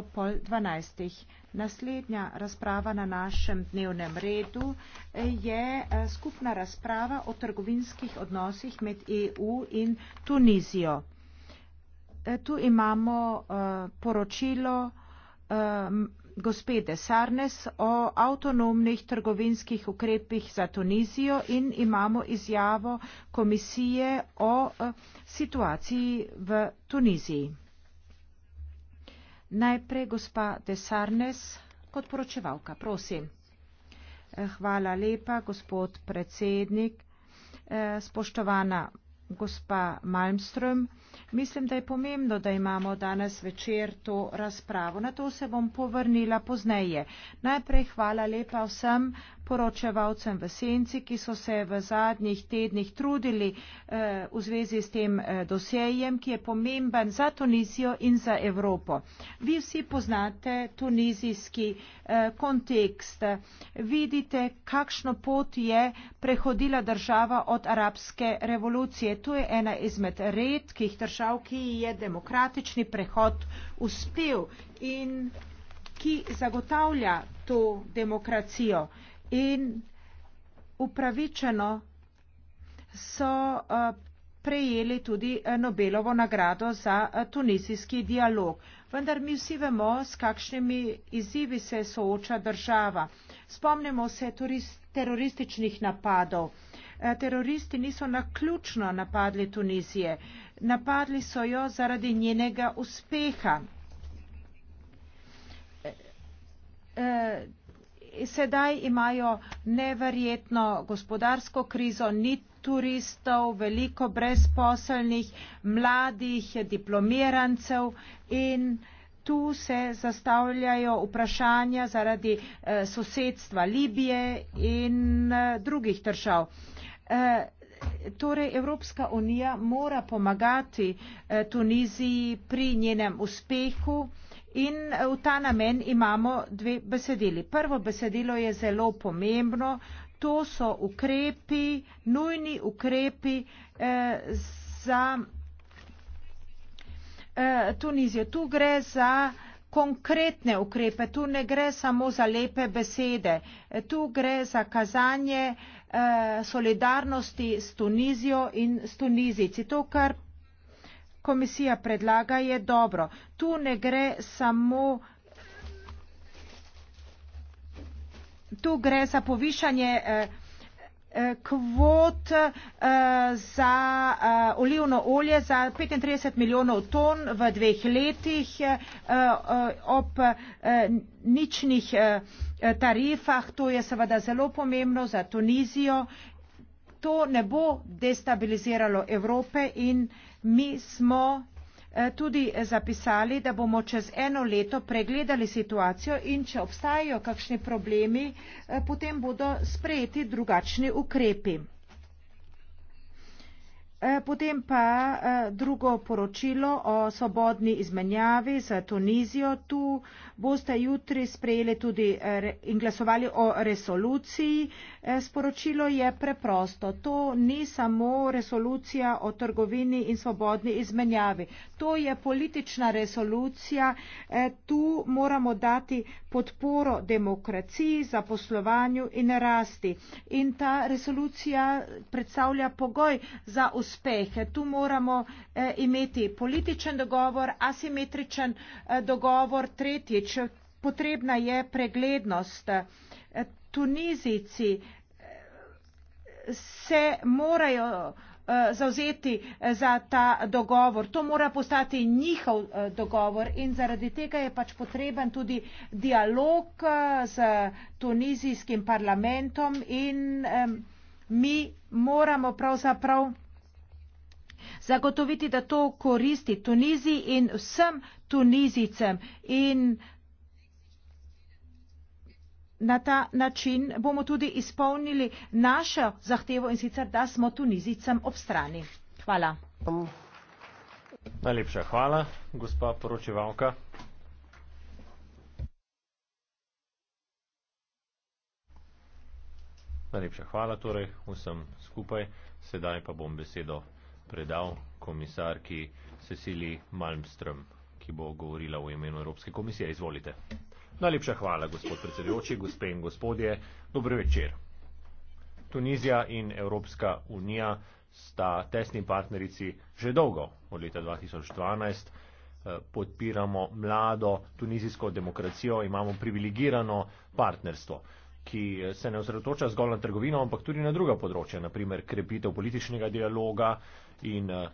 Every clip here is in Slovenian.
ob pol dvanajstih. Naslednja razprava na našem dnevnem redu eh, je eh, skupna razprava o trgovinskih odnosih med EU in Tunizijo. Eh, tu imamo poročilo gospede Sarnes o avtonomnih trgovinskih ukrepih za Tunizijo in imamo izjavo komisije o situaciji v Tuniziji. Najprej gospa Desarnes kot poročevalka, prosim. Eh, hvala lepa, gospod predsednik. Eh, spoštovana gospa Malmström. Mislim, da je pomembno, da imamo danes večer to razpravo. Na to se bom povrnila pozneje. Najprej hvala lepa vsem poročevalcem v Senci, ki so se v zadnjih tednih trudili eh, v zvezi s tem eh, dosejem, ki je pomemben za Tunizijo in za Evropo. Vi vsi poznate tunizijski eh, kontekst. Vidite, kakšno pot je prehodila država od arabske revolucije to je ena izmed redkih držav, ki je demokratični prehod uspel in ki zagotavlja to demokracijo. In upravičeno so eh, prejeli tudi eh, Nobelovo nagrado za eh, tunizijski dialog. Vendar mi vsi vemo, s kakšnimi izzivi se sooča država. Spomnimo se turist terorističnih napadov. E, teroristi niso naključno napadli Tunizije, napadli so jo zaradi njenega uspeha. E, e, sedaj imajo neverjetno gospodarsko krizo, ni turistov, veliko brezposelnih, mladih, diplomirancev in tu se zastavljajo vprašanja zaradi eh, sosedstva Libije in eh, drugih držav. Eh, torej Evropska unija mora pomagati eh, Tuniziji pri njenem uspehu in eh, v ta namen imamo dve besedili. Prvo besedilo je zelo pomembno. To so ukrepi, nujni ukrepi eh, za Eh, Tunizijo. Tu gre za konkretne ukrepe, tu ne gre samo za lepe besede, eh, tu gre za kazanje eh, solidarnosti s Tunizijo in s Tunizici. To, kar komisija predlaga, je dobro. Tu ne gre samo. Tu gre za povišanje. Eh, Eh, kvot eh, za eh, olivno olje za 35 milijonov ton v dveh letih ob ničnih tarifah. To je seveda zelo pomembno za Tunizijo. To ne bo destabiliziralo Evrope in mi smo Eh, tudi eh, zapisali, da bomo čez eno leto pregledali situacijo in če obstajajo kakšni problemi, eh, potem bodo sprejeti drugačni ukrepi. Potem pa drugo poročilo o svobodni izmenjavi z Tunizijo. Tu boste jutri sprejeli tudi eh, in glasovali o resoluciji. Eh, sporočilo je preprosto. To ni samo resolucija o trgovini in svobodni izmenjavi. To je politična resolucija. Eh, tu moramo dati podporo demokraciji, zaposlovanju in rasti. In ta resolucija predstavlja pogoj za uspehe. Tu moramo imeti političen dogovor, asimetričen dogovor, tretjič Prvič, potrebna je preglednost. Tunizici eh, se morajo eh, zauzeti eh, za ta dogovor. To mora postati njihov dogovor in zaradi tega je pač potreben tudi dialog z tunizijskim parlamentom in mi moramo pravzaprav zagotoviti, da to koristi Tuniziji in vsem Tunizicem in na ta način bomo tudi izpolnili našo zahtevo in sicer, da smo Tunizicam ob strani. Hvala. Najlepša hvala, gospa poročevalka. Najlepša hvala torej vsem skupaj. Sedaj pa bom besedo predal komisarki Cecilii Malmström, ki bo govorila v imenu Evropske komisije. Izvolite. Najlepša hvala, gospod predsedujoči, gospe in gospodje. Dobro večer. Tunizija in Evropska unija sta tesni partnerici že dolgo, od leta 2012. Eh, podpiramo mlado tunizijsko demokracijo, imamo privilegirano partnerstvo ki eh, se ne osredotoča zgolj na trgovino, ampak tudi na druga področja, naprimer krepitev političnega dialoga in eh,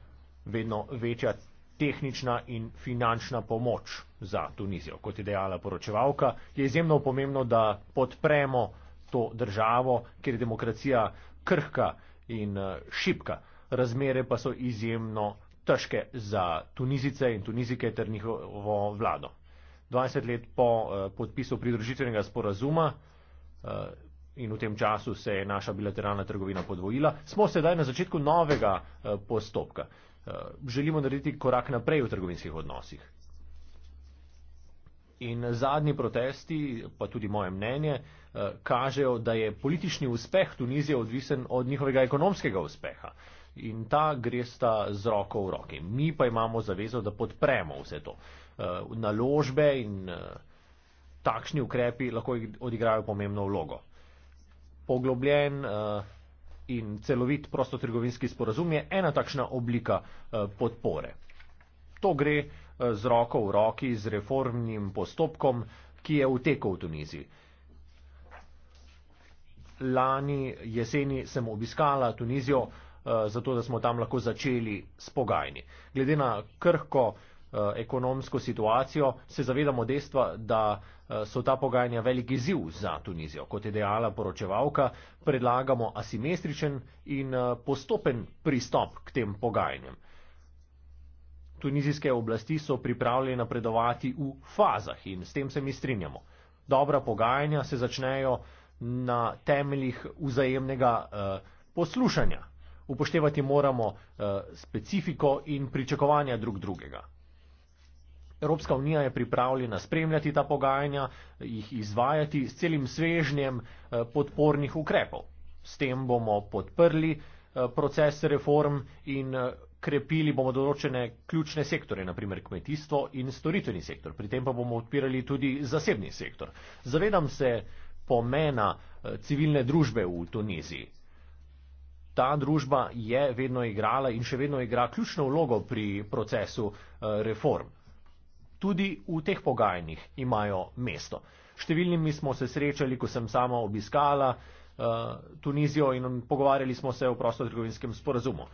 vedno večja tehnična in finančna pomoč za Tunizijo. Kot je dejala poročevalka, je izjemno pomembno, da podpremo to državo, ker je demokracija krhka in eh, šipka. Razmere pa so izjemno težke za Tunizice in Tunizike ter njihovo vlado. 20 let po eh, podpisu pridružitvenega sporazuma eh, in v tem času se je naša bilateralna trgovina podvojila, smo sedaj na začetku novega postopka. Eh, želimo narediti korak naprej v trgovinskih odnosih. In zadnji protesti, pa tudi moje mnenje, eh, kažejo, da je politični uspeh Tunizije odvisen od njihovega ekonomskega uspeha. In ta gresta z roko v roki. Mi pa imamo zavezo, da podpremo vse to. Eh, naložbe in takšni ukrepi lahko odigrajo pomembno vlogo. Poglobljen in celovit prostotrgovinski sporazum je ena takšna oblika eh, podpore. To gre eh, z roko v roki z reformnim postopkom, ki je utekel v Tuniziji. Lani jeseni sem obiskala Tunizijo, eh, zato da smo tam lahko začeli s pogajanji. Glede na krhko ekonomsko situacijo se zavedamo dejstva, da Eh, so ta pogajanja velik izziv za Tunizijo. Kot je dejala poročevalka, predlagamo asimetričen in eh, postopen pristop k tem pogajanjem. Tunizijske oblasti so pripravljene napredovati v fazah in s tem se mi strinjamo. Dobra pogajanja se začnejo na temeljih vzajemnega eh, poslušanja. Upoštevati moramo eh, specifiko in pričakovanja drug drugega. Evropska unija je pripravljena spremljati ta pogajanja, jih izvajati s celim svežnjem eh, podpornih ukrepov. S tem bomo podprli eh, proces reform in eh, krepili bomo določene ključne sektore, naprimer kmetijstvo in storitveni sektor. Pri tem pa bomo odpirali tudi zasebni sektor. Zavedam se pomena civilne družbe v Tuniziji. Ta družba je vedno igrala in še vedno igra ključno vlogo pri procesu reform tudi v teh pogajanjih imajo mesto. Številnimi smo se srečali, ko sem sama obiskala uh, Tunizijo in pogovarjali smo se o prostotrgovinskem sporazumu.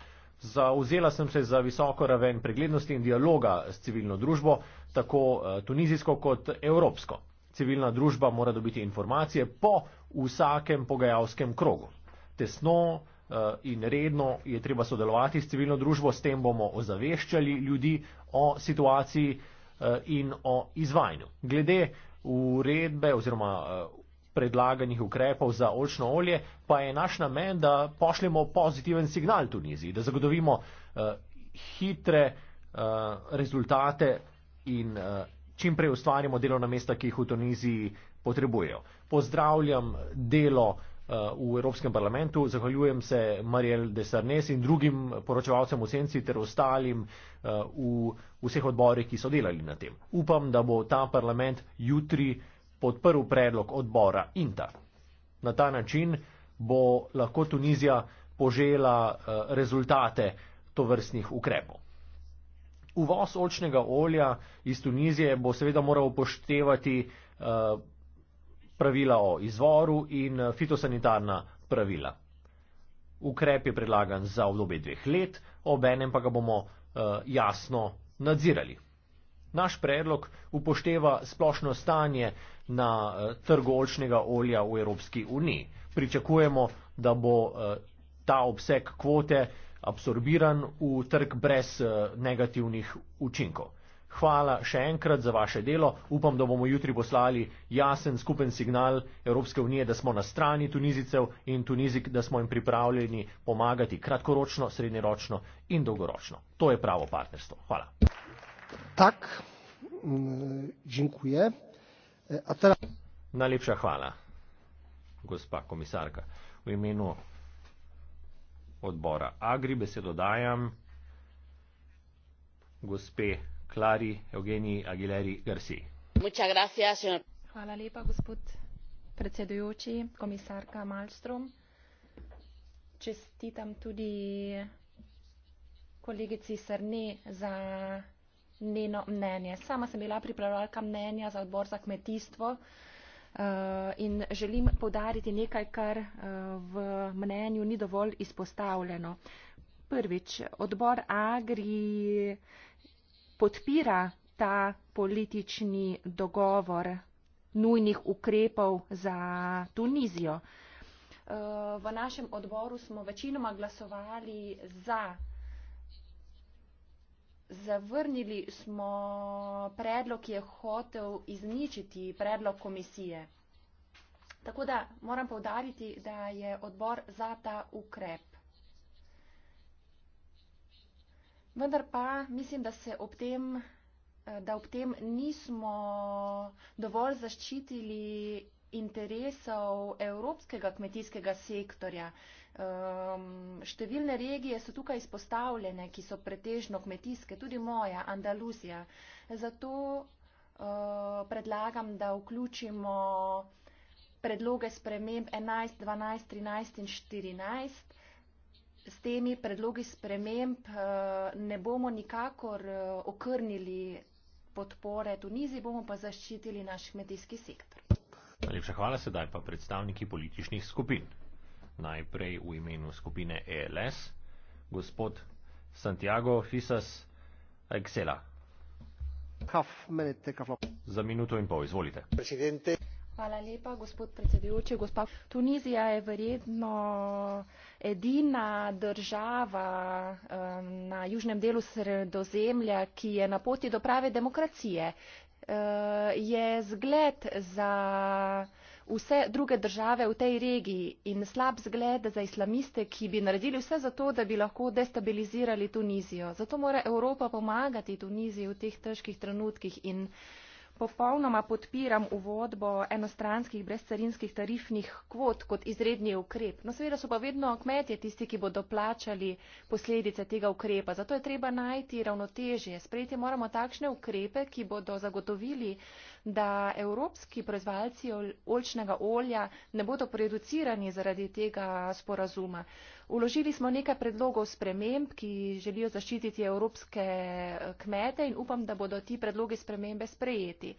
Zauzela sem se za visoko raven preglednosti in dialoga s civilno družbo, tako eh, tunizijsko kot evropsko. Civilna družba mora dobiti informacije po vsakem pogajalskem krogu. Tesno eh, in redno je treba sodelovati s civilno družbo, s tem bomo ozaveščali ljudi o situaciji, Eh, in o izvajanju. Glede uredbe oziroma eh, predlaganih ukrepov za olčno olje, pa je naš namen, da pošljemo pozitiven signal Tuniziji, da zagotovimo eh, hitre rezultate in čim prej ustvarimo delovna mesta, ki jih v Tuniziji potrebujejo. Pozdravljam delo, v Evropskem parlamentu. Zahvaljujem se Marijel Desarnes in drugim poročevalcem v Senci ter ostalim eh, v vseh odborih, ki so delali na tem. Upam, da bo ta parlament jutri podprl predlog odbora INTA. Na ta način bo lahko Tunizija požela eh, rezultate tovrstnih ukrepov. Uvoz olčnega olja iz Tunizije bo seveda moral upoštevati uh, pravila o izvoru in eh, fitosanitarna pravila. Ukrep je predlagan za obdobje dveh let, obenem pa ga bomo uh, jasno nadzirali. Naš predlog upošteva splošno stanje na uh, eh, trgovčnega olja v Evropski uniji. Pričakujemo, da bo uh, ta obseg kvote absorbiran v trg brez uh, negativnih učinkov. Hvala še enkrat za vaše delo. Upam, da bomo jutri poslali jasen skupen signal Evropske unije, da smo na strani Tunizicev in Tunizik, da smo jim pripravljeni pomagati kratkoročno, srednjeročno in dolgoročno. To je pravo partnerstvo. Hvala. Tak, mm, džinkuje. Teda... Najlepša hvala, gospa komisarka. V imenu odbora Agri besedo dajam gospe. Klari Eugeniji Aguileri Garci. Hvala lepa, gospod predsedujoči, komisarka Malmström. Čestitam tudi kolegici Srni za njeno mnenje. Sama sem bila pripravljalka mnenja za odbor za kmetijstvo eh, in želim povdariti nekaj, kar eh, v mnenju ni dovolj izpostavljeno. Prvič, odbor Agri podpira ta politični dogovor nujnih ukrepov za Tunizijo. V našem odboru smo večinoma glasovali za. Zavrnili smo predlog, ki je hotel izničiti predlog komisije. Tako da moram povdariti, da je odbor za ta ukrep. Vendar pa mislim, da, ob tem, eh, da ob tem nismo dovolj zaščitili interesov evropskega kmetijskega sektorja. Um, številne regije so tukaj izpostavljene, ki so pretežno kmetijske, tudi moja, Andaluzija. Zato uh, predlagam, da vključimo predloge sprememb 11, 12, 13 in 14 s temi predlogi sprememb eh, ne bomo nikakor eh, okrnili podpore Tunizi, bomo pa zaščitili naš kmetijski sektor. Najlepša hvala sedaj pa predstavniki političnih skupin. Najprej v imenu skupine ELS, gospod Santiago Fisas Excela. Za minuto in pol, izvolite. Presidente. Hvala lepa, gospod predsedujoči. Gospa Tunizija je verjetno edina država um, na južnem delu sredozemlja, ki je na poti do prave demokracije, uh, je zgled za vse druge države v tej regiji in slab zgled za islamiste, ki bi naredili vse za to, da bi lahko destabilizirali Tunizijo. Zato mora Evropa pomagati Tuniziji v teh težkih trenutkih in uh, Popolnoma podpiram uvodbo enostranskih brezcarinskih tarifnih kvot kot izredni ukrep. No, seveda so pa vedno kmetje tisti, ki bodo plačali posledice tega ukrepa. Zato je treba najti ravnotežje. Sprejeti moramo takšne ukrepe, ki bodo zagotovili, da evropski proizvalci olčnega olja ne bodo producirani zaradi tega sporazuma. Uložili smo nekaj predlogov sprememb, ki želijo zaščititi evropske eh, kmete in upam, da bodo ti predlogi spremembe sprejeti.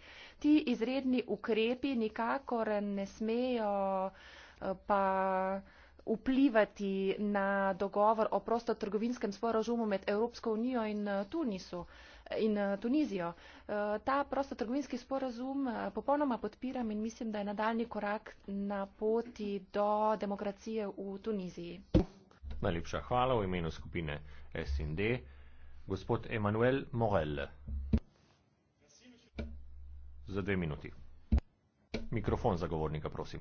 Ti izredni ukrepi nikakor ne smejo eh, pa vplivati na dogovor o prostotrgovinskem sporožumu med Evropsko unijo in eh, Tunisu in Tunizijo. Ta prostotrgovinski sporazum popolnoma podpiram in mislim, da je nadaljni korak na poti do demokracije v Tuniziji. Najlepša hvala v imenu skupine SND. Gospod Emanuel Morel. Za dve minuti. Mikrofon za govornika, prosim.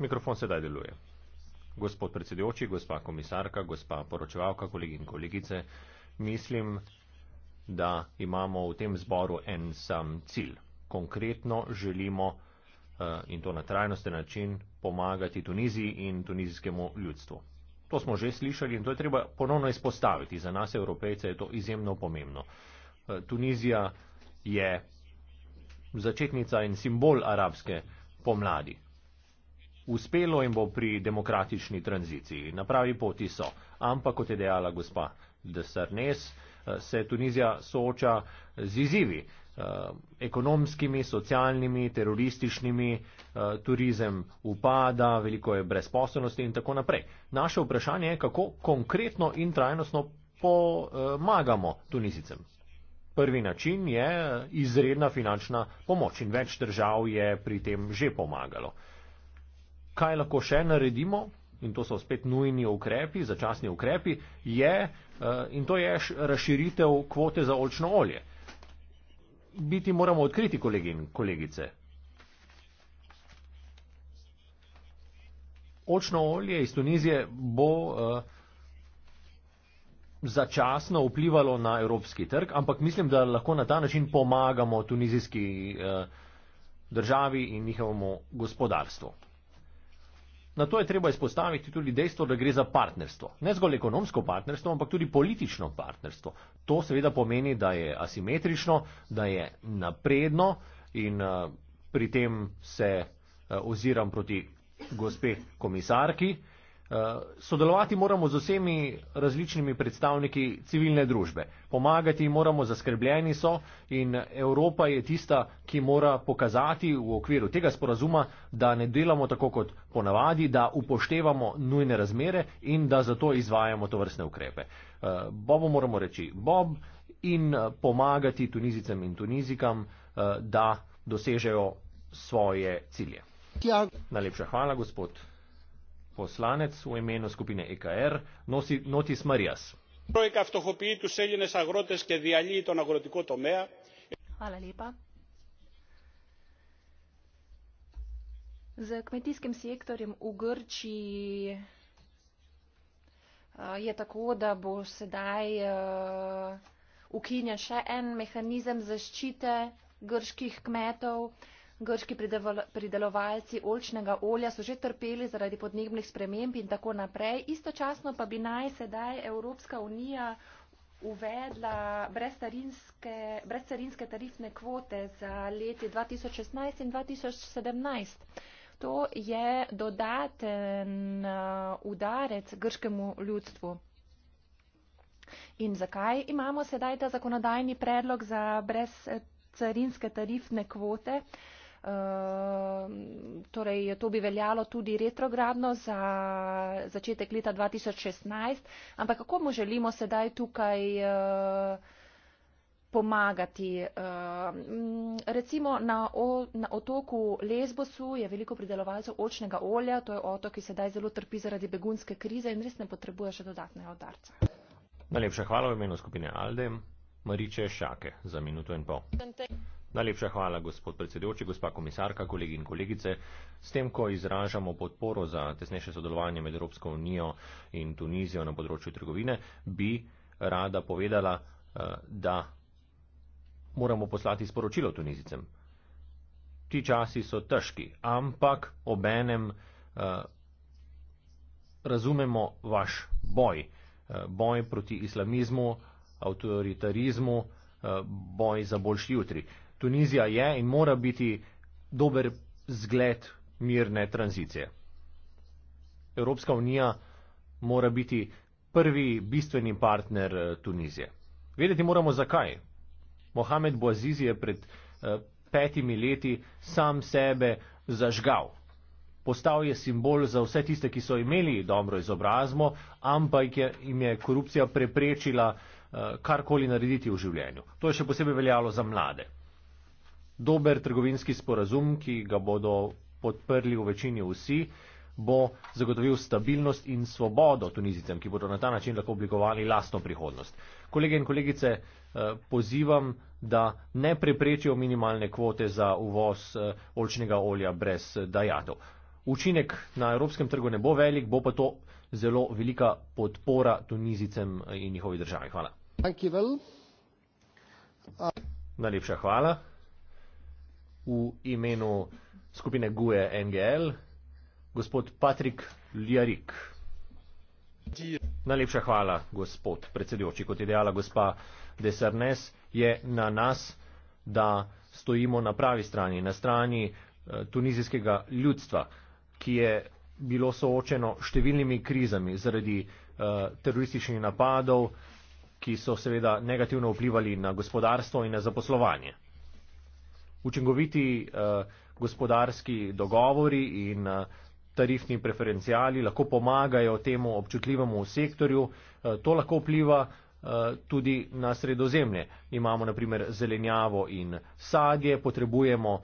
Mikrofon sedaj deluje. Gospod predsedujoči, gospa komisarka, gospa poročevalka, kolegi in kolegice, mislim, da imamo v tem zboru en sam cilj. Konkretno želimo Eh, in to na trajnosten način pomagati Tuniziji in tunizijskemu ljudstvu. To smo že slišali in to je treba ponovno izpostaviti. Za nas, evropejce, je to izjemno pomembno. Eh, Tunizija je začetnica in simbol arabske pomladi. Uspelo jim bo pri demokratični tranziciji. Na pravi poti so. Ampak, kot je dejala gospa de Sarnes, eh, se Tunizija sooča z izzivi. Eh, ekonomskimi, socialnimi, terorističnimi, eh, turizem upada, veliko je brezposobnosti in tako naprej. Naše vprašanje je, kako konkretno in trajnostno pomagamo Tunisicem. Prvi način je eh, izredna finančna pomoč in več držav je pri tem že pomagalo. Kaj lahko še naredimo? in to so spet nujni ukrepi, začasni ukrepi, je, in to je razširitev kvote za olčno olje biti moramo odkriti, kolegi in kolegice. Očno olje iz Tunizije bo uh, začasno vplivalo na evropski trg, ampak mislim, da lahko na ta način pomagamo tunizijski uh, državi in njihovemu gospodarstvu. Na to je treba izpostaviti tudi dejstvo, da gre za partnerstvo. Ne zgolj ekonomsko partnerstvo, ampak tudi politično partnerstvo. To seveda pomeni, da je asimetrično, da je napredno in eh, pri tem se eh, oziram proti gospe komisarki. Eh, sodelovati moramo z vsemi različnimi predstavniki civilne družbe. Pomagati moramo, zaskrbljeni so in Evropa je tista, ki mora pokazati v okviru tega sporazuma, da ne delamo tako kot ponavadi, da upoštevamo nujne razmere in da zato izvajamo to vrstne ukrepe. Eh, Bobo moramo reči Bob in eh, pomagati tunizicam in tunizikam, da dosežejo svoje cilje. Najlepša hvala, gospod poslanec v imenu skupine EKR nosi notis Marias. Hvala lepa. Z kmetijskim sektorjem v Grčiji eh, je tako, da bo sedaj eh, ukinjen še en mehanizem zaščite grških kmetov grški pridelovalci olčnega olja so že trpeli zaradi podnebnih sprememb in tako naprej. Istočasno pa bi naj sedaj Evropska unija uvedla brezcarinske tarifne kvote za leti 2016 in 2017. To je dodaten uh, udarec grškemu ljudstvu. In zakaj imamo sedaj ta zakonodajni predlog za brezcarinske tarifne kvote? Uh, Ehm, torej to bi veljalo tudi retrogradno za začetek leta 2016, ampak kako mu želimo sedaj tukaj eh, pomagati. Ehm, recimo na, o, na otoku Lesbosu je veliko pridelovalcev očnega olja, to je otok, ki sedaj zelo trpi zaradi begunske krize in res ne potrebuje še dodatnega odarca. Najlepša hvala v imenu skupine Aldem, Mariče Šake za minuto in pol. Najlepša hvala, gospod predsedujoči, gospa komisarka, kolegi in kolegice. S tem, ko izražamo podporo za tesnejše sodelovanje med Evropsko unijo in Tunizijo na področju trgovine, bi rada povedala, eh, da moramo poslati sporočilo Tunizicem. Ti časi so težki, ampak obenem eh, razumemo vaš boj. Eh, boj proti islamizmu, avtoritarizmu, boj za boljši jutri. Tunizija je in mora biti dober zgled mirne tranzicije. Evropska unija mora biti prvi bistveni partner eh, Tunizije. Vedeti moramo zakaj. Mohamed Bouazizi je pred eh, petimi leti sam sebe zažgal. Postal je simbol za vse tiste, ki so imeli dobro izobrazbo, ampak je, jim je korupcija preprečila uh, karkoli narediti v življenju. To je še posebej veljalo za mlade dober trgovinski sporazum, ki ga bodo podprli v večini vsi, bo zagotovil stabilnost in svobodo tunizicem, ki bodo na ta način lahko oblikovali lastno prihodnost. Kolege in kolegice, eh, pozivam, da ne preprečijo minimalne kvote za uvoz eh, olčnega olja brez eh, dajatov. Učinek na evropskem trgu ne bo velik, bo pa to zelo velika podpora tunizicem in njihovi državi. Hvala. Najlepša hvala v imenu skupine GUE NGL, gospod Patrik Ljarik. Najlepša hvala, gospod predsedujoči. Kot je dejala gospa Desernes, je na nas, da stojimo na pravi strani, na strani eh, tunizijskega ljudstva, ki je bilo soočeno številnimi krizami zaradi uh, terorističnih napadov, ki so seveda negativno vplivali na gospodarstvo in na zaposlovanje učinkoviti uh, gospodarski dogovori in uh, tarifni preferencijali lahko pomagajo temu občutljivemu sektorju, uh, to lahko vpliva tudi na sredozemlje. Imamo naprimer zelenjavo in sadje, potrebujemo uh,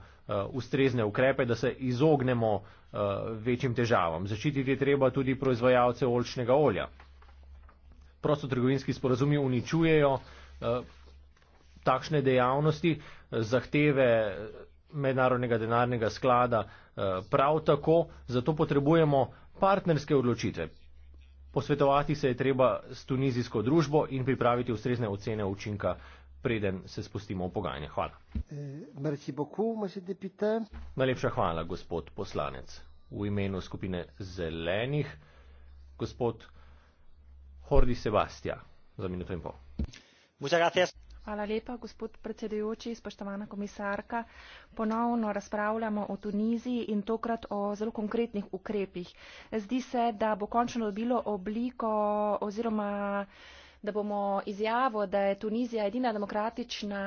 ustrezne ukrepe, da se izognemo uh, večjim težavam. Zaščititi je treba tudi proizvajalce olčnega olja. Prostotrgovinski sporazumi uničujejo uh, takšne dejavnosti, zahteve mednarodnega denarnega sklada eh, prav tako, zato potrebujemo partnerske odločitve. Posvetovati se je treba s tunizijsko družbo in pripraviti ustrezne ocene učinka, preden se spustimo v pogajanje. Hvala. Eh, Najlepša hvala, gospod poslanec. V imenu skupine zelenih, gospod Hordi Sebastija, za minuto in pol. Muchas gracias. Hvala lepa, gospod predsedujoči, spoštovana komisarka. Ponovno razpravljamo o Tuniziji in tokrat o zelo konkretnih ukrepih. Zdi se, da bo končno dobilo obliko oziroma da bomo izjavo, da je Tunizija edina demokratična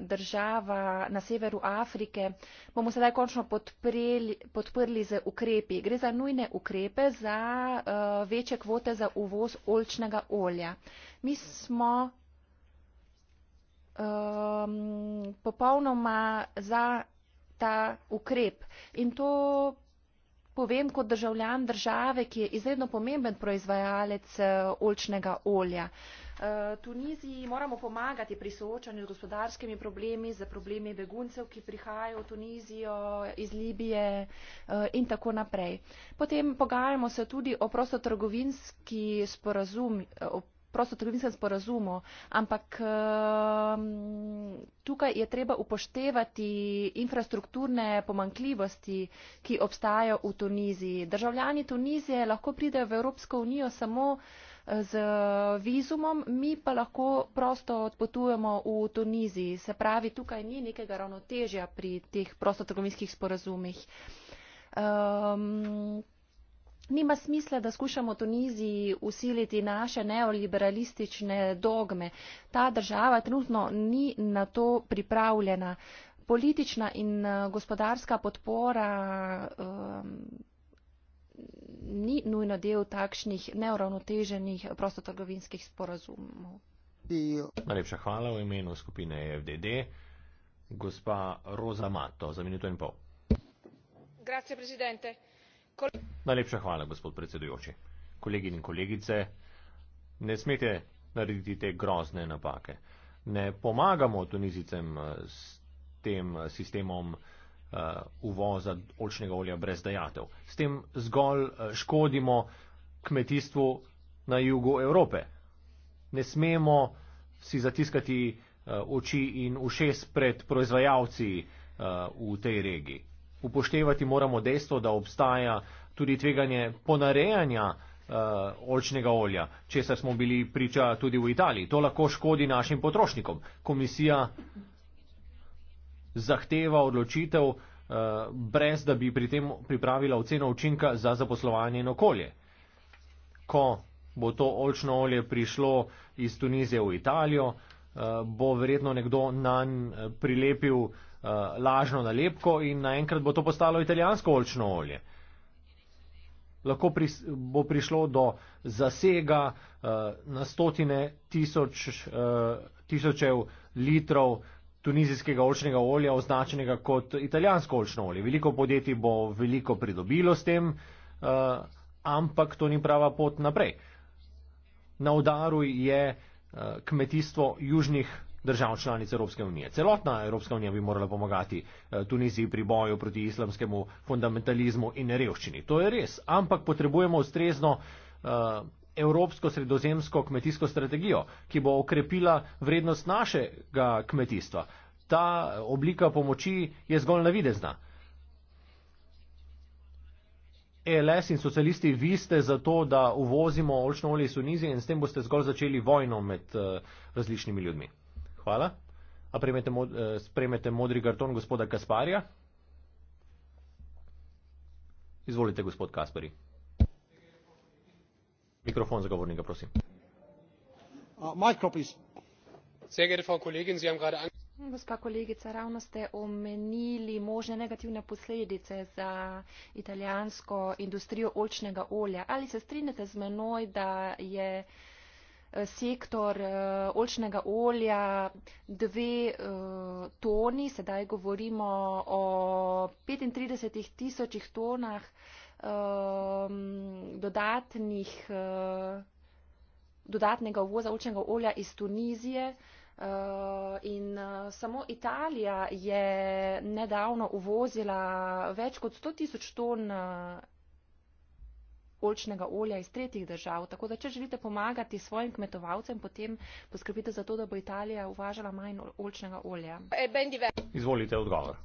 država na severu Afrike, bomo sedaj končno podprli, podprli z ukrepi. Gre za nujne ukrepe, za uh, večje kvote za uvoz olčnega olja. Mi smo um, popolnoma za ta ukrep. In to povem kot državljan države, ki je izredno pomemben proizvajalec eh, olčnega olja. Eh, Tuniziji moramo pomagati pri soočanju z gospodarskimi problemi, z problemi beguncev, ki prihajajo v Tunizijo, iz Libije eh, in tako naprej. Potem pogajamo se tudi o prostotrgovinski sporazum, o prostotrgovinskem sporazumu, ampak ehm, tukaj je treba upoštevati infrastrukturne pomankljivosti, ki obstajajo v Tuniziji. Državljani Tunizije lahko pridejo v Evropsko unijo samo eh, z vizumom, mi pa lahko prosto odpotujemo v Tuniziji. Se pravi, tukaj ni nekega ravnotežja pri teh prostotrgovinskih sporazumih. Um, Nima smisla, da skušamo Tuniziji usiliti naše neoliberalistične dogme. Ta država trenutno ni na to pripravljena. Politična in eh, gospodarska podpora um, ni nujno del takšnih neuravnoteženih prostotrgovinskih sporazumov. Najlepša hvala v imenu skupine FDD. Gospa Roza Mato, za minuto in pol. Grazie, Najlepša hvala, gospod predsedujoči. Kolegi in kolegice, ne smete narediti te grozne napake. Ne pomagamo tunizicem eh, s tem eh, sistemom eh, uvoza olčnega olja brez dajatev. S tem zgolj škodimo kmetijstvu na jugu Evrope. Ne smemo si zatiskati oči in ušes pred proizvajalci v tej regiji. Upoštevati moramo dejstvo, da obstaja tudi tveganje ponarejanja uh, eh, olčnega olja, česar smo bili priča tudi v Italiji. To lahko škodi našim potrošnikom. Komisija zahteva odločitev uh, brez, da bi pri tem pripravila oceno učinka za zaposlovanje in okolje. Ko bo to olčno olje prišlo iz Tunizije v Italijo, eh, bo verjetno nekdo nanj prilepil lažno nalepko in naenkrat bo to postalo italijansko olčno olje lahko pri, bo prišlo do zasega eh, na stotine tisoč, eh, tisočev litrov tunizijskega olčnega olja, označenega kot italijansko olčno olje. Veliko podjetij bo veliko pridobilo s tem, eh, ampak to ni prava pot naprej. Na udaru je kmetijstvo južnih držav članic Evropske unije. Celotna Evropska unija bi morala pomagati eh, Tuniziji pri boju proti islamskemu fundamentalizmu in revščini. To je res, ampak potrebujemo ustrezno eh, evropsko sredozemsko kmetijsko strategijo, ki bo okrepila vrednost našega kmetijstva. Ta eh, oblika pomoči je zgolj navidezna. ELS in socialisti, vi ste za to, da uvozimo olčno olje iz Tunizije in s tem boste zgolj začeli vojno med različnimi ljudmi. Hvala. A prejmete mod, eh, spremete modri karton gospoda Kasparja? Izvolite, gospod Kaspari. Mikrofon za govornika, prosim. Uh, Gospa kolegica, ravno ste omenili možne negativne posledice za italijansko industrijo olčnega olja. Ali se strinjate z menoj, da je sektor eh, olčnega olja dve eh, toni, sedaj govorimo o 35 tisočih tonah ehm, dodatnih, eh, dodatnega uvoza olčnega olja iz Tunizije. In samo Italija je nedavno uvozila več kot 100 tisoč ton oljčnega olja iz tretjih držav. Tako da, če želite pomagati svojim kmetovalcem, potem poskrbite za to, da bo Italija uvažala manj oljčnega olja. Eh, Izvolite odgovor.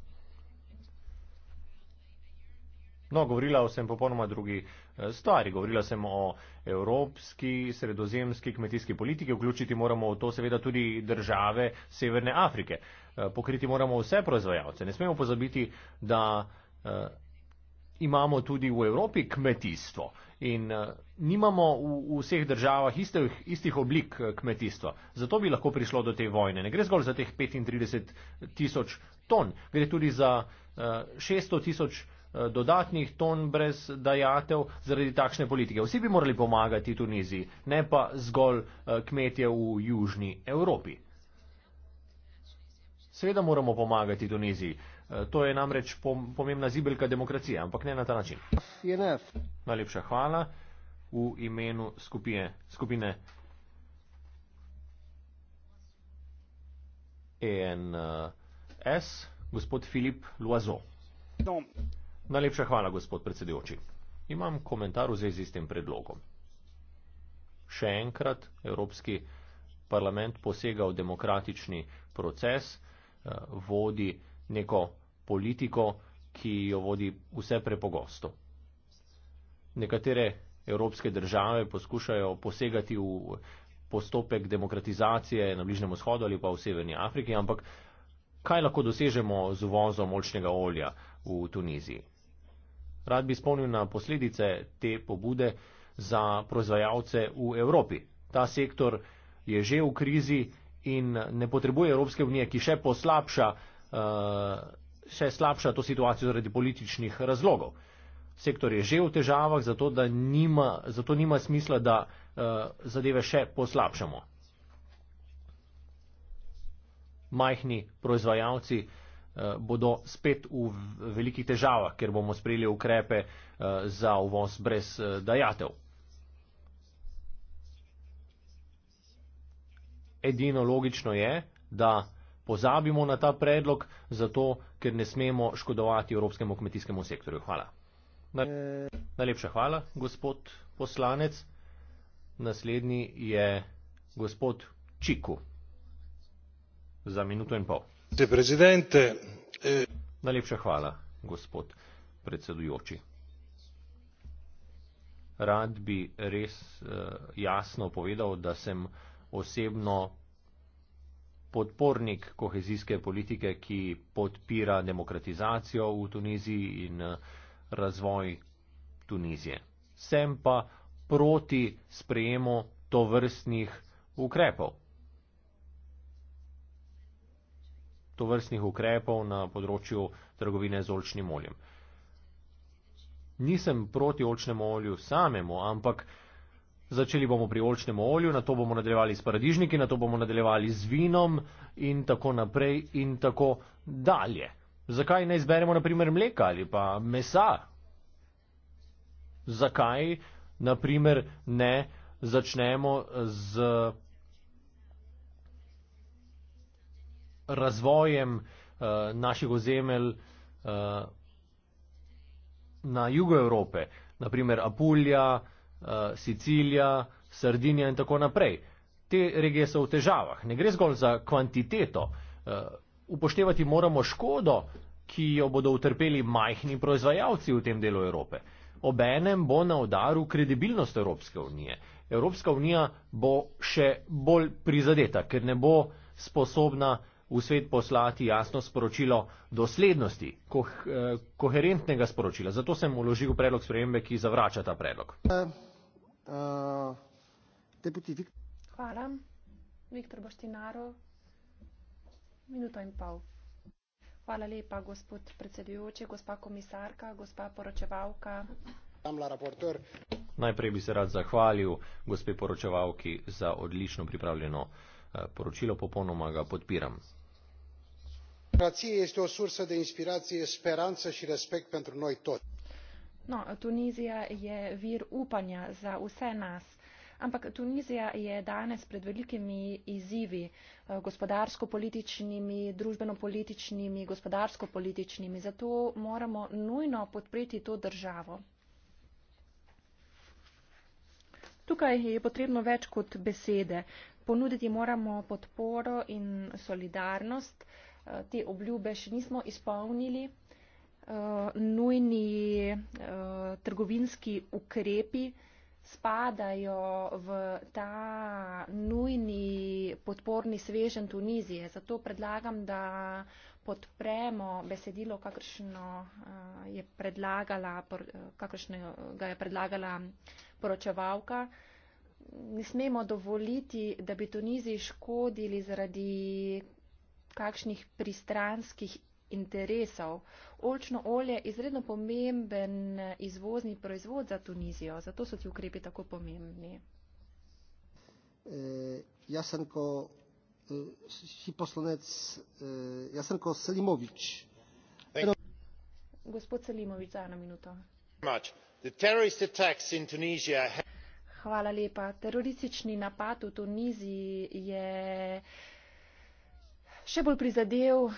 No, govorila sem popolnoma drugi eh, stvari. Govorila sem o evropski, sredozemski kmetijski politiki. Vključiti moramo v to seveda tudi države Severne Afrike. Eh, pokriti moramo vse proizvajalce. Ne smemo pozabiti, da imamo tudi v Evropi kmetijstvo in eh, nimamo v vseh državah istih, istih oblik eh, kmetijstva. Zato bi lahko prišlo do te vojne. Ne gre zgolj za teh 35 eh, tisoč ton, gre tudi za 600 tisoč dodatnih ton brez dajatev zaradi takšne politike. Vsi bi morali pomagati Tuniziji, ne pa zgolj kmetje v južni Evropi. Seveda moramo pomagati Tuniziji. Eh, to je namreč pomembna zibelka demokracije, ampak ne na ta način. INF. Najlepša hvala v imenu skupine, skupine ENS, gospod Filip Loazo. No. Najlepša hvala, gospod predsedujoči. Imam komentar v zvezi s tem predlogom. Še enkrat, Evropski parlament posega v demokratični proces, eh, vodi neko politiko, ki jo vodi vse prepogosto. Nekatere evropske države poskušajo posegati v postopek demokratizacije na Bližnjem vzhodu ali pa v Severni Afriki, ampak kaj lahko dosežemo z uvozom močnega olja v Tuniziji? Rad bi spomnil na posledice te pobude za proizvajalce v Evropi. Ta sektor je že v krizi in ne potrebuje Evropske unije, ki še poslabša uh, še slabša to situacijo zaradi političnih razlogov. Sektor je že v težavah, zato nima, zato nima smisla, da uh, zadeve še poslabšamo. Majhni proizvajalci uh, bodo spet v velikih težavah, ker bomo sprejeli ukrepe uh, za uvoz brez uh, dajatev. Edino logično je, da pozabimo na ta predlog, zato ker ne smemo škodovati evropskemu kmetijskemu sektorju. Hvala. Najlepša hvala, gospod poslanec. Naslednji je gospod Čiku. Za minuto in pol. E- Najlepša hvala, gospod predsedujoči. Rad bi res eh, jasno povedal, da sem osebno podpornik kohezijske politike, ki podpira demokratizacijo v Tuniziji in eh, razvoj Tunizije. Sem pa proti sprejemu tovrstnih ukrepov. Tovrstnih ukrepov na področju trgovine z olčnim oljem. Nisem proti olčnemu olju samemu, ampak Začeli bomo pri oljčnem olju, nato bomo nadaljevali s paradižniki, nato bomo nadaljevali z vinom in tako naprej in tako dalje. Zakaj ne izberemo naprimer mleka ali pa mesa? Zakaj naprimer ne začnemo z razvojem uh, naših ozemelj uh, na jugu Evrope, naprimer Apulja, uh, Eh, Sicilija, Sardinija in tako naprej. Te regije so v težavah. Ne gre zgolj za kvantiteto. Eh, upoštevati moramo škodo, ki jo bodo utrpeli majhni proizvajalci v tem delu Evrope. Obenem bo na udaru kredibilnost Evropske unije. Evropska unija bo še bolj prizadeta, ker ne bo sposobna v svet poslati jasno sporočilo doslednosti, koh, eh, koherentnega sporočila. Zato sem uložil predlog spremembe, ki zavrača ta predlog. Uh uh, deputi Viktor. Hvala. Viktor Boštinaro, minuto in pol. Hvala lepa, gospod predsedujoči, gospa komisarka, gospa poročevalka. Najprej bi se rad zahvalil gospe poročevalki za odlično pripravljeno eh, poročilo, popolnoma ga podpiram. Demokracija je resursa de inspiracije, speranca in respekt pentru noi toti. No, Tunizija je vir upanja za vse nas. Ampak Tunizija je danes pred velikimi izzivi, eh, gospodarsko-političnimi, družbeno-političnimi, gospodarsko-političnimi. Zato moramo nujno podpreti to državo. Tukaj je potrebno več kot besede. Ponuditi moramo podporo in solidarnost. Eh, te obljube še nismo izpolnili uh, nujni uh, trgovinski ukrepi spadajo v ta nujni podporni svežen Tunizije. Zato predlagam, da podpremo besedilo, kakršno eh, je predlagala, kakršno ga je predlagala poročevalka. Ne smemo dovoliti, da bi Tuniziji škodili zaradi kakšnih pristranskih interesov. Olčno olje je izredno pomemben izvozni proizvod za Tunizijo, zato so ti ukrepi tako pomembni. Eh, jaz sem kot eh, si poslanec, eh, jaz sem kot Selimovič. Eno... Gospod Selimovič, za eno minuto. Hvala lepa. Teroristični napad v Tuniziji je še bolj prizadel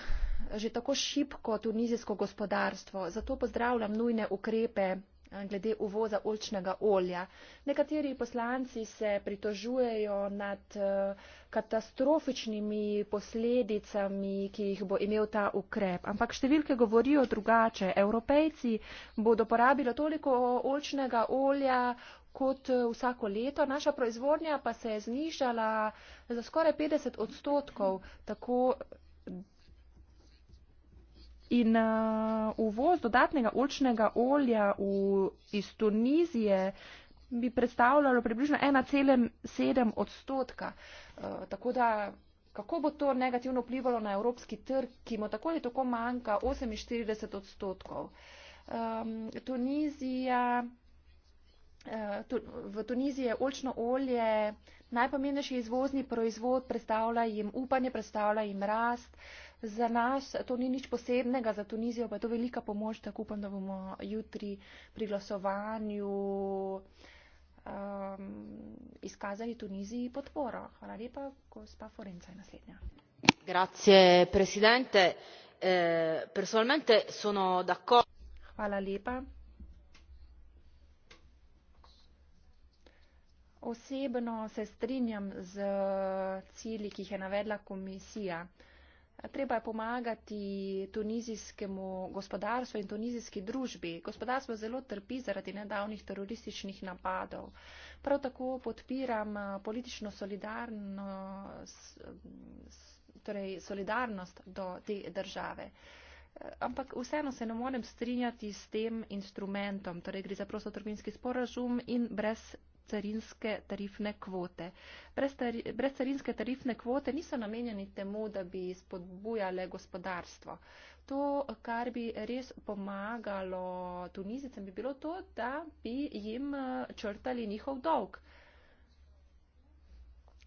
že tako šipko tunizijsko gospodarstvo. Zato pozdravljam nujne ukrepe eh, glede uvoza olčnega olja. Nekateri poslanci se pritožujejo nad eh, katastrofičnimi posledicami, ki jih bo imel ta ukrep. Ampak številke govorijo drugače. Evropejci bodo porabili toliko olčnega olja kot eh, vsako leto. Naša proizvodnja pa se je znižala za skoraj 50 odstotkov. Tako In uh, uvoz dodatnega olčnega olja v, iz Tunizije bi predstavljalo približno 1,7 odstotka. Uh, tako da kako bo to negativno vplivalo na evropski trg, ki mu tako ali tako manjka 48 odstotkov. Um, Tunizija, uh, tu, v Tuniziji je olčno olje najpomembnejši izvozni proizvod, predstavlja jim upanje, predstavlja jim rast. Uh, Za nas to ni nič posebnega, za Tunizijo pa je to velika pomoč, tako upam, da bomo jutri pri glasovanju um, izkazali Tuniziji podporo. Hvala lepa, gospa Forenca je naslednja. Grazie, presidente. Eh, personalmente sono d'accordo. Hvala lepa. Osebno se strinjam z cilji, ki jih je navedla komisija. Treba je pomagati tunizijskemu gospodarstvu in tunizijski družbi. Gospodarstvo zelo trpi zaradi nedavnih terorističnih napadov. Prav tako podpiram eh, politično solidarnost, torej solidarnost do te države. Eh, ampak vseeno se ne morem strinjati s tem instrumentom, torej gre za prostotrbinski sporazum in brez carinske tarifne kvote. Brez carinske tarifne kvote niso namenjeni temu, da bi spodbujale gospodarstvo. To, kar bi res pomagalo tunizicam, bi bilo to, da bi jim eh, črtali njihov dolg.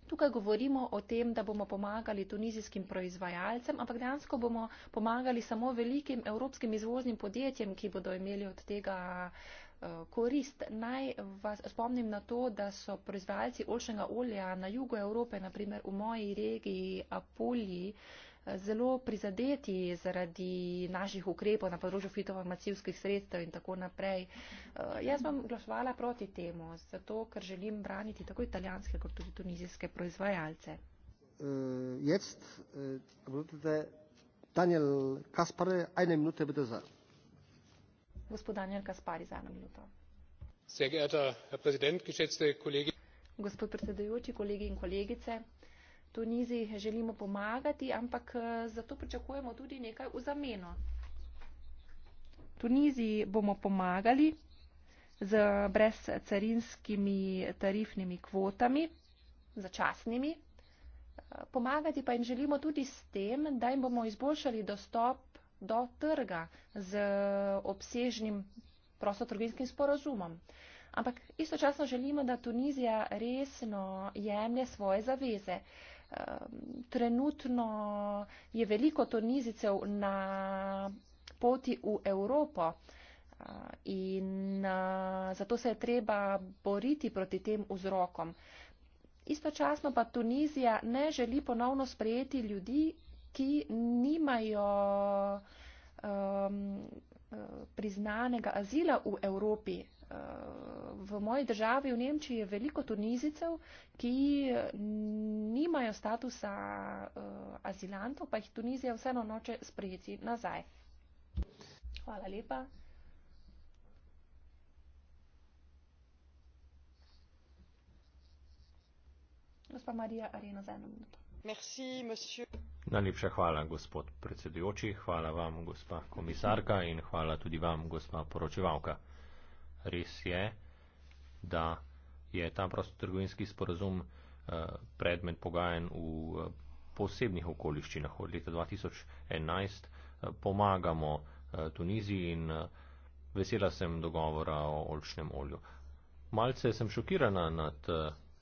Tukaj govorimo o tem, da bomo pomagali tunizijskim proizvajalcem, ampak dejansko bomo pomagali samo velikim evropskim izvoznim podjetjem, ki bodo imeli od tega uh, Eh, korist. Naj vas spomnim na to, da so proizvajalci olšnega olja na jugu Evrope, naprimer v moji regiji Apulji, eh, zelo prizadeti zaradi naših ukrepov na področju fitofarmacijskih sredstev in tako naprej. Eh, jaz bom glasovala proti temu, zato ker želim braniti tako italijanske kot tudi tunizijske proizvajalce. Uh, jetzt, uh, Daniel Kaspare, eine Minute bitte sagen gospod daniel caspari za eno minuto gospod predsedujoči kolegi in kolegice tuniziji želimo pomagati ampak eh, zato pričakujemo tudi nekaj v zameno tuniziji bomo pomagali z brezcarinskimi tarifnimi kvotami začasnimi eh, pomagati pa jim želimo tudi s tem da jim bomo izboljšali dostop do trga z obsežnim prostotrgovinskim sporozumom. Ampak istočasno želimo, da Tunizija resno jemlje svoje zaveze. Ehm, trenutno je veliko Tunizicev na poti v Evropo eh, in eh, zato se je treba boriti proti tem vzrokom. Istočasno pa Tunizija ne želi ponovno sprejeti ljudi, ki nimajo um, priznanega azila v Evropi. Uh, v moji državi v Nemčiji je veliko tunizicev, ki nimajo statusa uh, azilantov, pa jih Tunizija vseeno noče sprejeti nazaj. Hvala lepa. Gospa Marija Areno za eno minuto. Merci, monsieur. Najlepša hvala, gospod predsedujoči, hvala vam, gospa komisarka in hvala tudi vam, gospa poročevalka. Res je, da je ta prostotrgovinski sporazum eh, predmet pogajen v eh, posebnih okoliščinah. Od leta 2011 eh, pomagamo Tuniziji in vesela sem dogovora o olčnem olju. Malce sem šokirana nad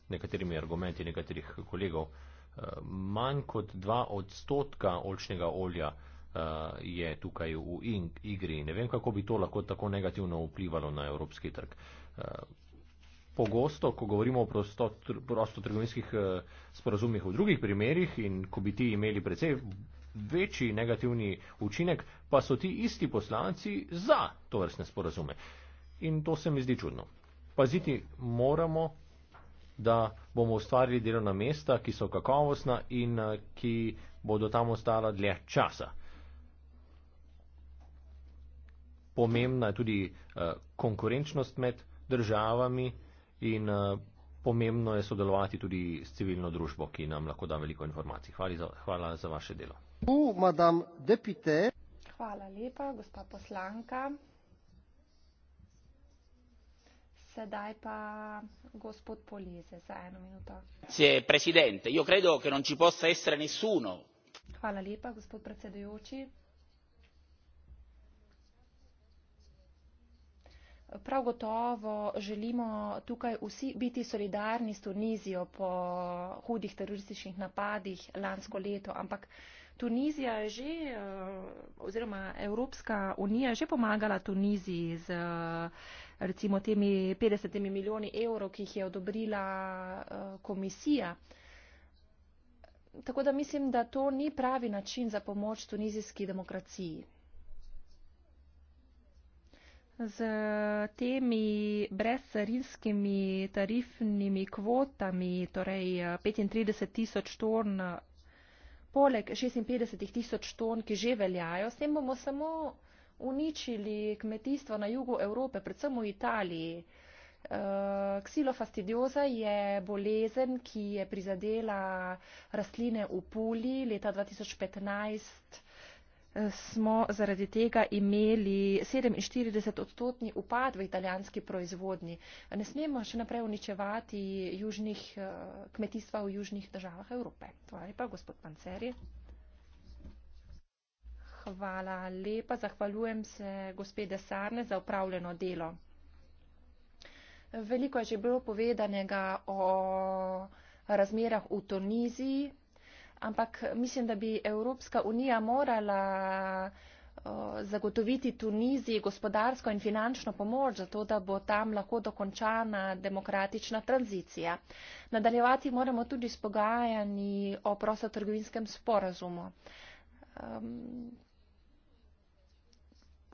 nekaterimi argumenti nekaterih kolegov, manj kot 2 odstotka olčnega olja eh, je tukaj v igri. Ne vem, kako bi to lahko tako negativno vplivalo na evropski trg. Eh, pogosto, ko govorimo o prostotrgovinskih eh, sporazumih v drugih primerjih in ko bi ti imeli precej večji negativni učinek, pa so ti isti poslanci za to vrstne sporazume. In to se mi zdi čudno. Paziti moramo da bomo ustvarili delovna mesta, ki so kakovostna in eh, ki bodo tam ostala dlje časa. Pomembna je tudi eh, konkurenčnost med državami in eh, pomembno je sodelovati tudi s civilno družbo, ki nam lahko da veliko informacij. Hvala za, hvala za vaše delo. Hvala lepa, gospa poslanka. Sedaj pa gospod Polize za eno minuto. Se, presidente, io credo che non ci possa essere nessuno. Hvala lepa, gospod predsedujoči. Prav gotovo želimo tukaj vsi biti solidarni s Tunizijo po hudih terorističnih napadih lansko leto, ampak Tunizija je že, eh, oziroma Evropska unija je že pomagala Tuniziji z recimo temi 50 milijoni evrov, ki jih je odobrila eh, komisija. Tako da mislim, da to ni pravi način za pomoč tunizijski demokraciji. Z temi brezcarinskimi tarifnimi kvotami, torej 35 eh, tisoč ton, eh, poleg 56 tisoč ton, ki že veljajo, s tem bomo samo uničili kmetijstvo na jugu Evrope, predvsem v Italiji. Eh, Ksilofastidioza je bolezen, ki je prizadela rastline v Puli. Leta 2015 eh, smo zaradi tega imeli 47 odstotni upad v italijanski proizvodnji. Ne smemo še naprej uničevati eh, kmetijstva v južnih državah Evrope. Hvala lepa, gospod Panceri. Hvala lepa. Zahvaljujem se gospede Sarne za upravljeno delo. Veliko je že bilo povedanega o razmerah v Tuniziji, ampak mislim, da bi Evropska unija morala eh, zagotoviti Tuniziji gospodarsko in finančno pomoč, zato da bo tam lahko dokončana demokratična tranzicija. Nadaljevati moramo tudi s pogajanji o prostotrgovinskem sporazumu.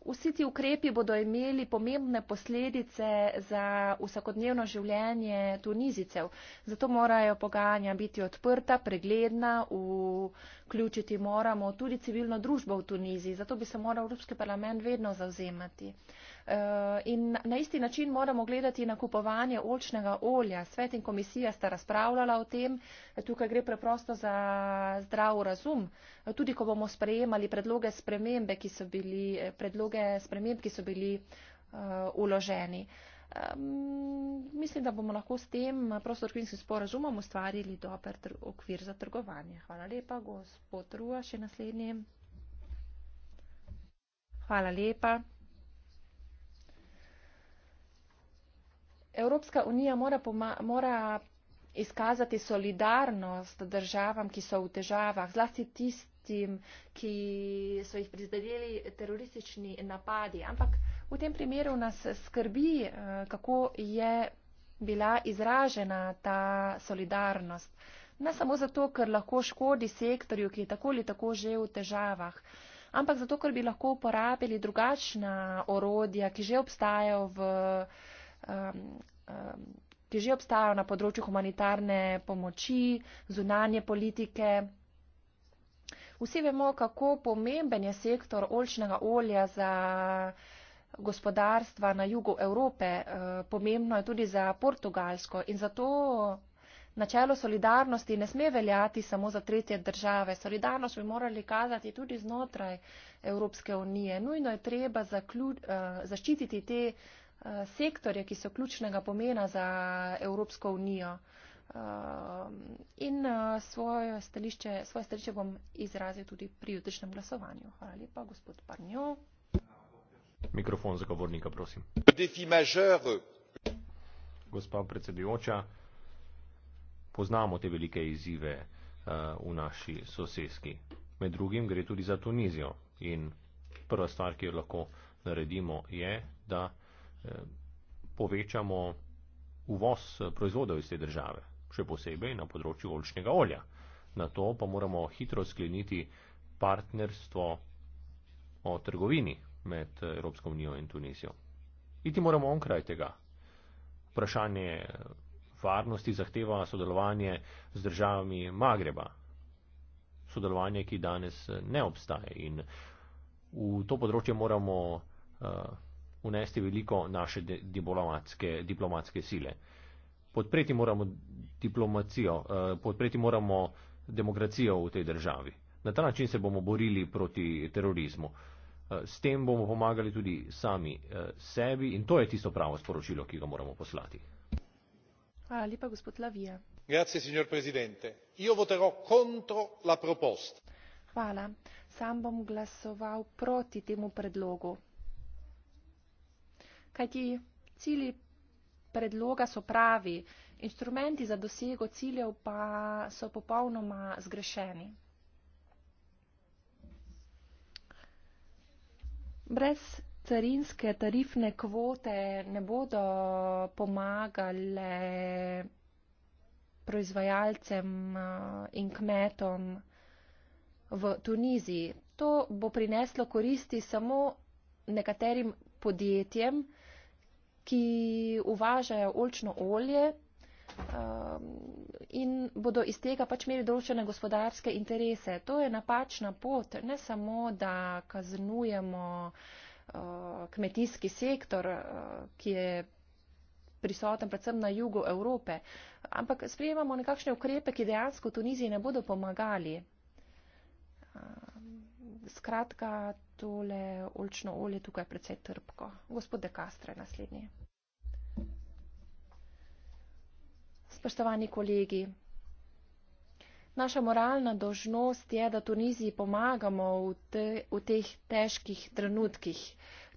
Vsi ti ukrepi bodo imeli pomembne posledice za vsakodnevno življenje tunizicev. Zato morajo pogajanja biti odprta, pregledna, vključiti moramo tudi civilno družbo v Tuniziji. Zato bi se moral Evropski parlament vedno zauzemati. Eh, in na isti način moramo gledati nakupovanje olčnega olja. Svet in komisija sta razpravljala o tem. Tukaj gre preprosto za zdrav razum. Tudi ko bomo sprejemali predloge spremembe, ki so bili, predloge sprememb, ki so bili uloženi. Eh, mislim, da bomo lahko s tem prostorkvinskim sporazumom ustvarili dober okvir za trgovanje. Hvala lepa, gospod Rua, še naslednji. Hvala lepa. Evropska unija mora, poma, mora izkazati solidarnost državam, ki so v težavah, zlasti tistim, ki so jih prizadeli teroristični napadi. Ampak v tem primeru nas skrbi, eh, kako je bila izražena ta solidarnost. Ne samo zato, ker lahko škodi sektorju, ki je tako ali tako že v težavah, ampak zato, ker bi lahko uporabili drugačna orodja, ki že obstajajo v um, um, ki že obstajajo na področju humanitarne pomoči, zunanje politike. Vsi vemo, kako pomemben je sektor olčnega olja za gospodarstva na jugu Evrope, uh, pomembno je tudi za Portugalsko in zato načelo solidarnosti ne sme veljati samo za tretje države. Solidarnost bi morali kazati tudi znotraj Evropske unije. Nujno je treba uh, zaščititi te. Eh, sektorje, ki so ključnega pomena za Evropsko unijo. Eh, in eh, svoje stališče, svoje stališče bom izrazil tudi pri jutrišnjem glasovanju. Hvala lepa, gospod Parnjo. Mikrofon za govornika, prosim. Gospa predsedujoča, poznamo te velike izzive v naši soseski. Med drugim gre tudi za Tunizijo. In prva stvar, ki jo lahko naredimo, je, da povečamo uvoz proizvodov iz te države, še posebej na področju olčnega olja. Na to pa moramo hitro skleniti partnerstvo o trgovini med Evropsko unijo in Tunisijo. Iti moramo onkraj tega. Vprašanje varnosti zahteva sodelovanje z državami Magreba. Sodelovanje, ki danes ne obstaje in v to področje moramo uh, unesti veliko naše diplomatske, diplomatske sile. Podpreti moramo diplomacijo, eh, podpreti moramo demokracijo v tej državi. Na ta način se bomo borili proti terorizmu. Eh, s tem bomo pomagali tudi sami eh, sebi in to je tisto pravo sporočilo, ki ga moramo poslati. Hvala lepa, gospod Lavija. Grazie, signor Presidente. Io voterò contro la proposta. Hvala. Sam bom glasoval proti temu predlogu kajti cili predloga so pravi, inštrumenti za dosego ciljev pa so popolnoma zgrešeni. Brez carinske tarifne kvote ne bodo pomagale proizvajalcem in kmetom v Tuniziji. To bo prineslo koristi samo nekaterim podjetjem, ki uvažajo olčno olje um, in bodo iz tega pač imeli določene gospodarske interese. To je napačna pot, ne samo, da kaznujemo uh, kmetijski sektor, uh, ki je prisoten predvsem na jugu Evrope, ampak sprejemamo nekakšne ukrepe, ki dejansko Tuniziji ne bodo pomagali. Uh, Skratka, tole olčno olje tukaj je precej trpko. Gospod De Castro je naslednji. Spoštovani kolegi, naša moralna dožnost je, da Tuniziji pomagamo v, te, v teh težkih trenutkih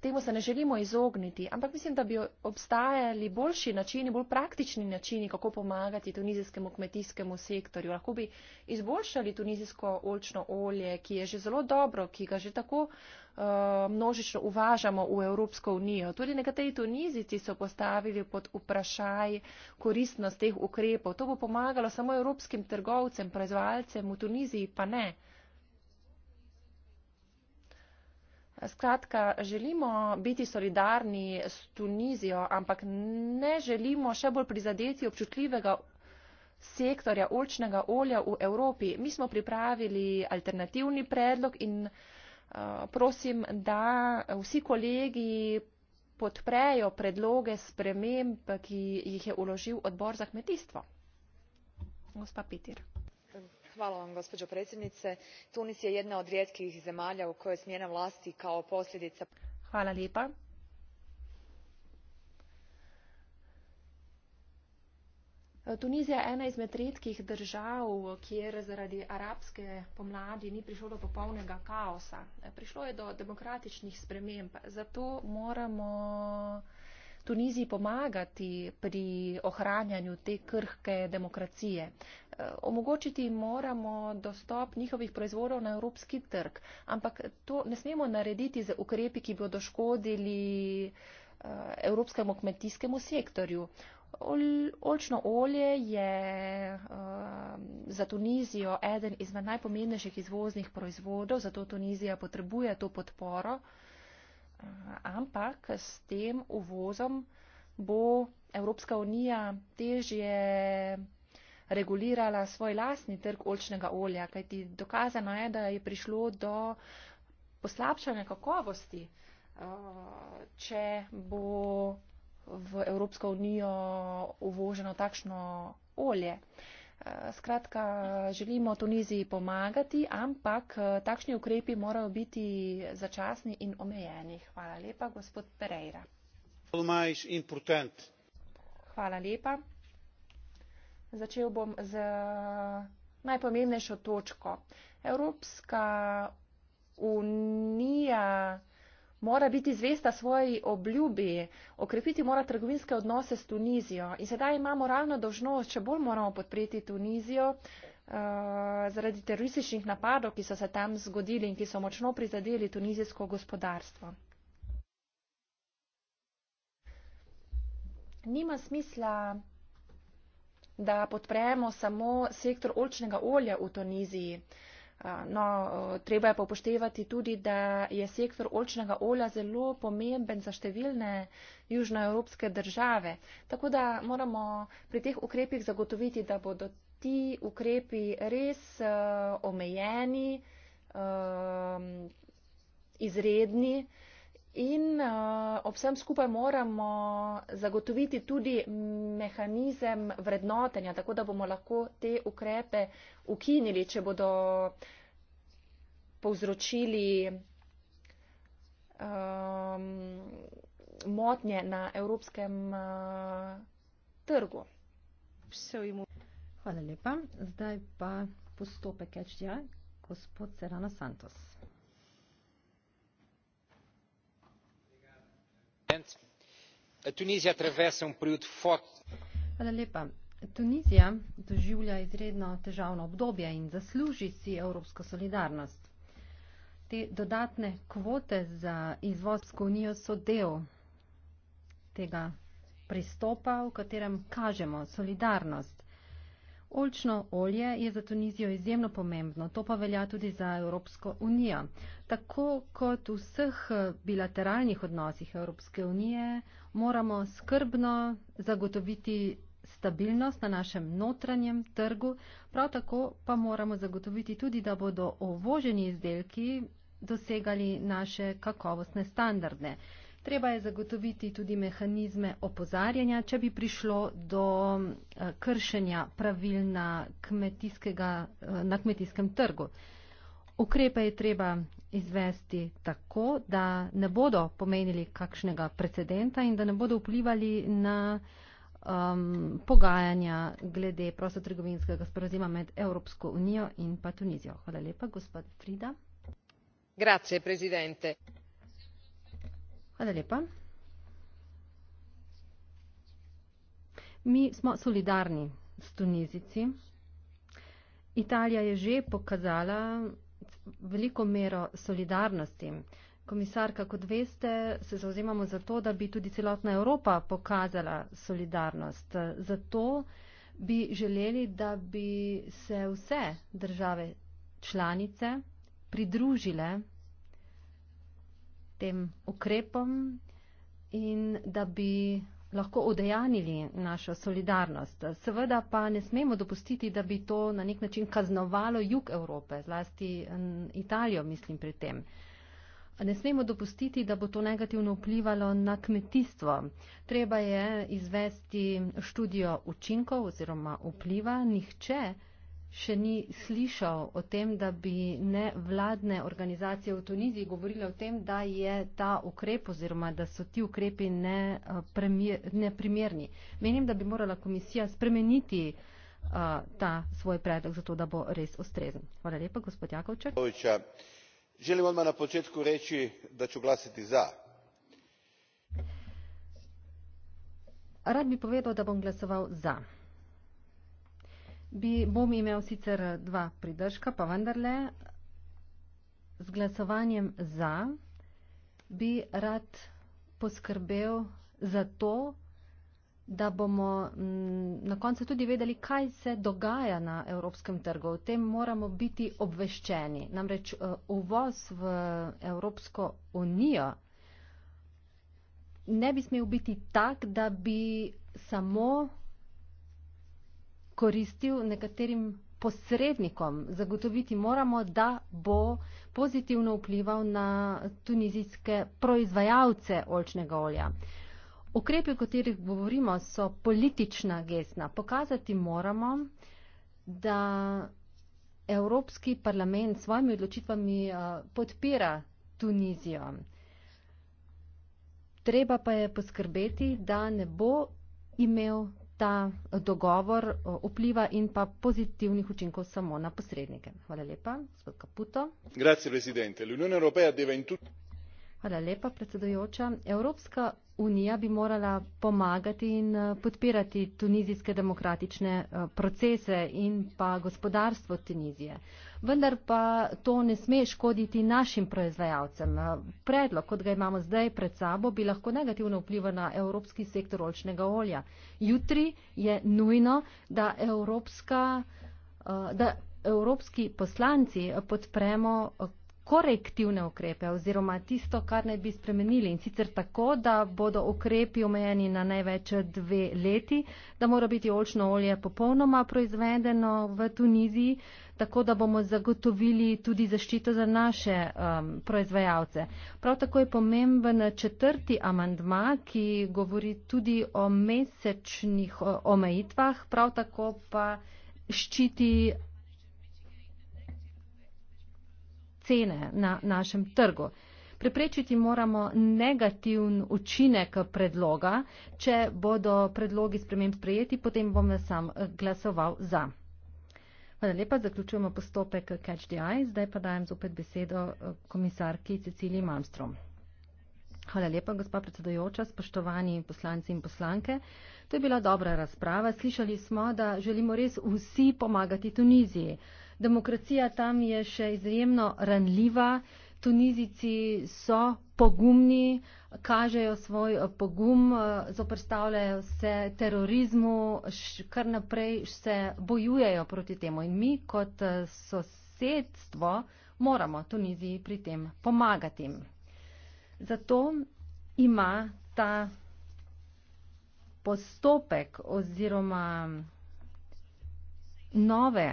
temu se ne želimo izogniti, ampak mislim, da bi obstajali boljši načini, bolj praktični načini, kako pomagati tunizijskemu kmetijskemu sektorju. Lahko bi izboljšali tunizijsko olčno olje, ki je že zelo dobro, ki ga že tako uh, množično uvažamo v Evropsko unijo. Tudi nekateri tunizici so postavili pod vprašaj koristnost teh ukrepov. To bo pomagalo samo evropskim trgovcem, proizvajalcem v Tuniziji, pa ne. Uh, Skratka, želimo biti solidarni s Tunizijo, ampak ne želimo še bolj prizadeti občutljivega sektorja olčnega olja v Evropi. Mi smo pripravili alternativni predlog in uh, prosim, da vsi kolegi podprejo predloge sprememb, ki jih je uložil odbor za kmetijstvo. Gospa Petir gospođo predsjednice tunis je jedna od rijetkih zemalja u kojoj smjena vlasti kao posljedica. tunizija je ena izmed redkih držav kjer zaradi arabske pomladi ni prišlo do popolnega kaosa prišlo je do demokratičnih sprememb zato moramo Tuniziji pomagati pri ohranjanju te krhke demokracije. Eh, omogočiti moramo dostop njihovih proizvodov na evropski trg, ampak to ne smemo narediti z ukrepi, ki bodo škodili eh, evropskemu kmetijskemu sektorju. Olčno olje je eh, za Tunizijo eden izmed najpomembnejših izvoznih proizvodov, zato Tunizija potrebuje to podporo ampak s tem uvozom bo Evropska unija težje regulirala svoj lastni trg olčnega olja, kajti dokazano je, da je prišlo do poslabšanja kakovosti, eh, če bo v Evropsko unijo uvoženo takšno olje. Skratka, želimo Tuniziji pomagati, ampak eh, takšni ukrepi morajo biti začasni in omejeni. Hvala lepa, gospod Pereira. Hvala lepa. Začel bom z najpomembnejšo točko. Evropska unija mora biti zvesta svoji obljubi, okrepiti mora trgovinske odnose s Tunizijo. In sedaj ima moralno dožnost, če bolj moramo podpreti Tunizijo eh, zaradi terorističnih napadov, ki so se tam zgodili in ki so močno prizadeli tunizijsko gospodarstvo. Nima smisla, da podpremo samo sektor olčnega olja v Tuniziji. No, treba je pa upoštevati tudi, da je sektor olčnega olja zelo pomemben za številne južnoevropske države. Tako da moramo pri teh ukrepih zagotoviti, da bodo ti ukrepi res uh, omejeni, uh, izredni in uh, ob vsem skupaj moramo zagotoviti tudi mehanizem vrednotenja, tako da bomo lahko te ukrepe ukinili, če bodo povzročili um, motnje na evropskem uh, trgu. Hvala lepa. Zdaj pa postopek HDI, gospod Serano Santos. Um tunizija doživlja izredno težavno obdobje in zasluži si evropsko solidarnost. Te dodatne kvote za izvoz v unijo so del tega pristopa, v katerem kažemo solidarnost. Olčno olje je za Tunizijo izjemno pomembno, to pa velja tudi za Evropsko unijo. Tako kot v vseh eh, bilateralnih odnosih Evropske unije moramo skrbno zagotoviti stabilnost na našem notranjem trgu, prav tako pa moramo zagotoviti tudi, da bodo ovoženi izdelki dosegali naše kakovostne standarde. Treba je zagotoviti tudi mehanizme opozarjanja, če bi prišlo do eh, kršenja pravil na, eh, na kmetijskem trgu. Ukrepe je treba izvesti tako, da ne bodo pomenili kakšnega precedenta in da ne bodo vplivali na um, pogajanja glede prostotrgovinskega sporozima med Evropsko unijo in pa Tunizijo. Hvala lepa, gospod Frida. Grazie, Hvala lepa. Mi smo solidarni s Tunizici. Italija je že pokazala veliko mero solidarnosti. Komisarka, kot veste, se zauzemamo za to, da bi tudi celotna Evropa pokazala solidarnost. Zato bi želeli, da bi se vse države članice pridružile tem ukrepom in da bi lahko udejanili našo solidarnost. Seveda pa ne smemo dopustiti, da bi to na nek način kaznovalo jug Evrope, zlasti Italijo, mislim pri tem. Ne smemo dopustiti, da bo to negativno vplivalo na kmetijstvo. Treba je izvesti študijo učinkov oziroma vpliva. Nihče še ni slišal o tem, da bi ne vladne organizacije v Tuniziji govorile o tem, da je ta ukrep oziroma da so ti ukrepi eh, neprimerni. Menim, da bi morala komisija spremeniti eh, ta svoj predlog, zato da bo res ustrezen. Hvala lepa, gospod Jakovček. Želim odmah na početku reči, da ću glasiti za. Rad bi povedal, da bom glasoval za. Bi, bom imel sicer dva pridržka, pa vendarle z glasovanjem za bi rad poskrbel za to, da bomo mm, na koncu tudi vedeli, kaj se dogaja na evropskem trgu. O tem moramo biti obveščeni. Namreč e, uvoz v Evropsko unijo ne bi smel biti tak, da bi samo koristil nekaterim posrednikom. Zagotoviti moramo, da bo pozitivno vplival na tunizijske proizvajalce olčnega olja. Ukrepe, o katerih govorimo, so politična gesta. Pokazati moramo, da Evropski parlament svojimi odločitvami eh, podpira Tunizijo. Treba pa je poskrbeti, da ne bo imel ta eh, dogovor eh, vpliva in pa pozitivnih učinkov samo na posrednike. Hvala lepa, gospod Kaputo. Hvala lepa, predsedujoča. Evropska unija bi morala pomagati in eh, podpirati tunizijske demokratične eh, procese in pa gospodarstvo Tunizije. Vendar pa to ne sme škoditi našim proizvajalcem. Eh, predlog, kot ga imamo zdaj pred sabo, bi lahko negativno vplival na evropski sektor olčnega olja. Jutri je nujno, da, evropska, da evropski poslanci podpremo korektivne ukrepe oziroma tisto, kar naj bi spremenili in sicer tako, da bodo ukrepi omejeni na največ dve leti, da mora biti olčno olje popolnoma proizvedeno v Tuniziji, tako da bomo zagotovili tudi zaščito za naše um, proizvajalce. Prav tako je pomemben četrti amandma, ki govori tudi o mesečnih omejitvah, prav tako pa ščiti cene na našem trgu. Preprečiti moramo negativn učinek predloga, če bodo predlogi sprememb sprejeti, potem bom sam eh, glasoval za. Hvala lepa, zaključujemo postopek Catch the Eye, zdaj pa dajem zopet besedo eh, komisarki Ceciliji Malmstrom. Hvala lepa, gospa predsedojoča, spoštovani poslanci in poslanke. To je bila dobra razprava. Slišali smo, da želimo res vsi pomagati Tuniziji. Demokracija tam je še izjemno ranljiva. Tunizici so pogumni, kažejo svoj eh, pogum, eh, zoprstavljajo se terorizmu, kar naprej se bojujejo proti temu. In mi kot eh, sosedstvo moramo Tuniziji pri tem pomagati. Zato ima ta postopek oziroma nove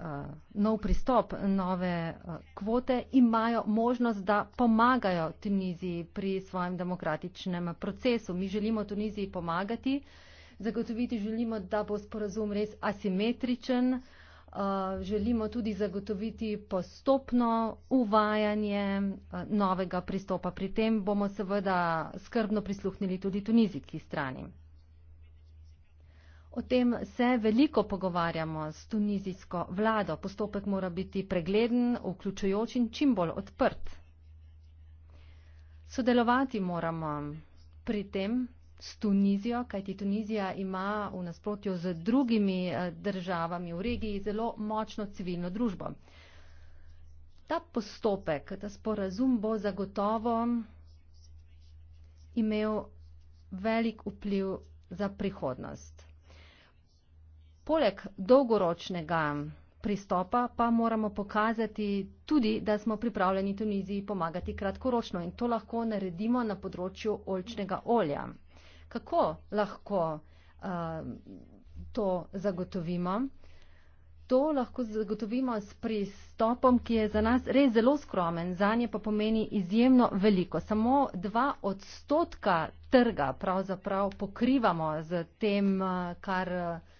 uh, nov pristop, nove uh, kvote, imajo možnost, da pomagajo Tuniziji pri svojem demokratičnem procesu. Mi želimo Tuniziji pomagati, zagotoviti želimo, da bo sporazum res asimetričen, uh, želimo tudi zagotoviti postopno uvajanje uh, novega pristopa. Pri tem bomo seveda skrbno prisluhnili tudi tunizijski strani. O tem se veliko pogovarjamo s tunizijsko vlado. Postopek mora biti pregleden, vključujoč in čim bolj odprt. Sodelovati moramo pri tem s Tunizijo, kajti Tunizija ima v nasprotju z drugimi eh, državami v regiji zelo močno civilno družbo. Ta postopek, ta sporazum bo zagotovo imel velik vpliv za prihodnost poleg dolgoročnega pristopa pa moramo pokazati tudi, da smo pripravljeni Tuniziji pomagati kratkoročno in to lahko naredimo na področju oljčnega olja. Kako lahko uh, to zagotovimo? To lahko zagotovimo s pristopom, ki je za nas res zelo skromen, za nje pa pomeni izjemno veliko. Samo dva odstotka trga pokrivamo z tem, eh, kar uh,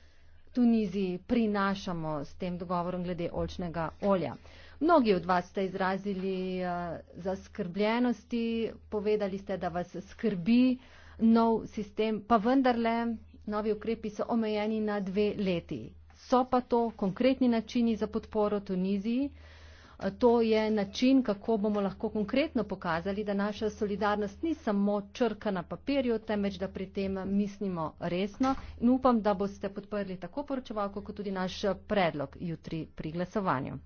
Tuniziji prinašamo s tem dogovorom glede olčnega olja. Mnogi od vas ste izrazili eh, zaskrbljenosti, povedali ste, da vas skrbi nov sistem, pa vendarle novi ukrepi so omejeni na dve leti. So pa to konkretni načini za podporo Tuniziji. To je način, kako bomo lahko konkretno pokazali, da naša solidarnost ni samo črka na papirju, temveč da pri tem mislimo resno. In upam, da boste podprli tako poročevalko, kot tudi naš predlog jutri pri glasovanju.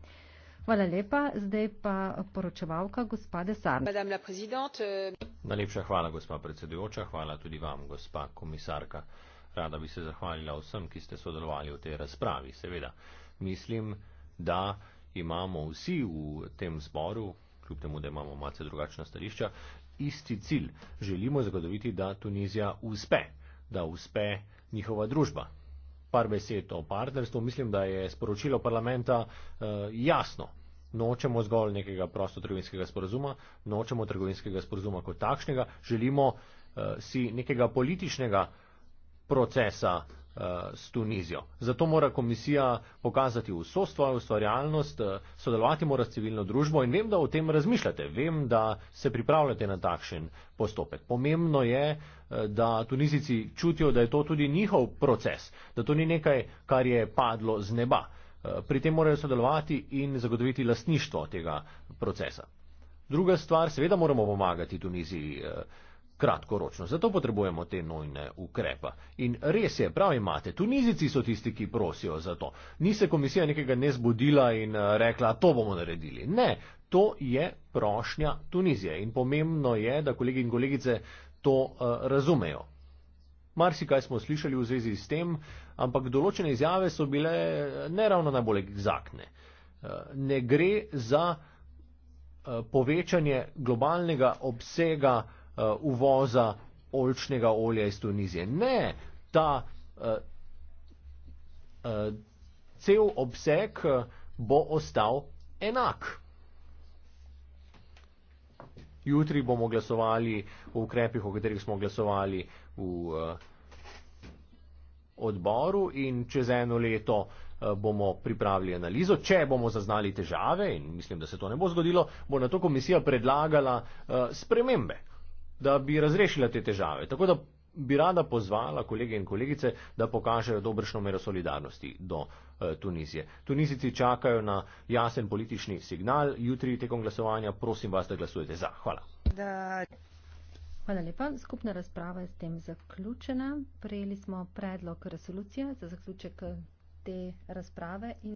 Hvala lepa. Zdaj pa poročevalka gospode Sarn. Euh- Najlepša hvala, gospa predsedujoča. Hvala tudi vam, gospa komisarka. Rada bi se zahvalila vsem, ki ste sodelovali v tej razpravi. Seveda, mislim, da imamo vsi v tem zboru, kljub temu, da imamo malce drugačna stališča, isti cilj. Želimo zagotoviti, da Tunizija uspe, da uspe njihova družba. Par besed o partnerstvu, mislim, da je sporočilo parlamenta eh, jasno. Nočemo zgolj nekega prostotrgovinskega sporozuma, nočemo trgovinskega sporozuma kot takšnega, želimo eh, si nekega političnega procesa Eh, s Tunizijo. Zato mora komisija pokazati vso svojo ustvarjalnost, eh, sodelovati mora s civilno družbo in vem, da o tem razmišljate, vem, da se pripravljate na takšen postopek. Pomembno je, eh, da Tunizici čutijo, da je to tudi njihov proces, da to ni nekaj, kar je padlo z neba. Pri tem morajo sodelovati in zagotoviti lastništvo tega procesa. Druga stvar, seveda moramo pomagati Tuniziji kratkoročno. Zato potrebujemo te nojne ukrepe. In res je, prav imate, Tunizici so tisti, ki prosijo za to. Ni se komisija nekega ne zbudila in eh, rekla, to bomo naredili. Ne, to je prošnja Tunizije in pomembno je, da kolegi in kolegice to uh, razumejo. Marsikaj smo slišali v zvezi s tem, ampak določene izjave so bile eh, neravno najbolj egzaktne. Ne gre za povečanje globalnega obsega uh, uvoza oljčnega olja iz Tunizije. Ne, ta uh, uh, cel obseg uh, bo ostal enak. Jutri bomo glasovali o ukrepih, o katerih smo glasovali v uh, odboru in čez eno leto uh, bomo pripravili analizo. Če bomo zaznali težave, in mislim, da se to ne bo zgodilo, bo na to komisija predlagala uh, spremembe da bi razrešila te težave. Tako da bi rada pozvala kolege in kolegice, da pokažejo dobršno mero solidarnosti do eh, Tunizije. Tunizici čakajo na jasen politični signal. Jutri tekom glasovanja prosim vas, da glasujete za. Hvala. Da. Hvala lepa. Skupna razprava je s tem zaključena. Prejeli smo predlog resolucije za zaključek eh, te razprave. In...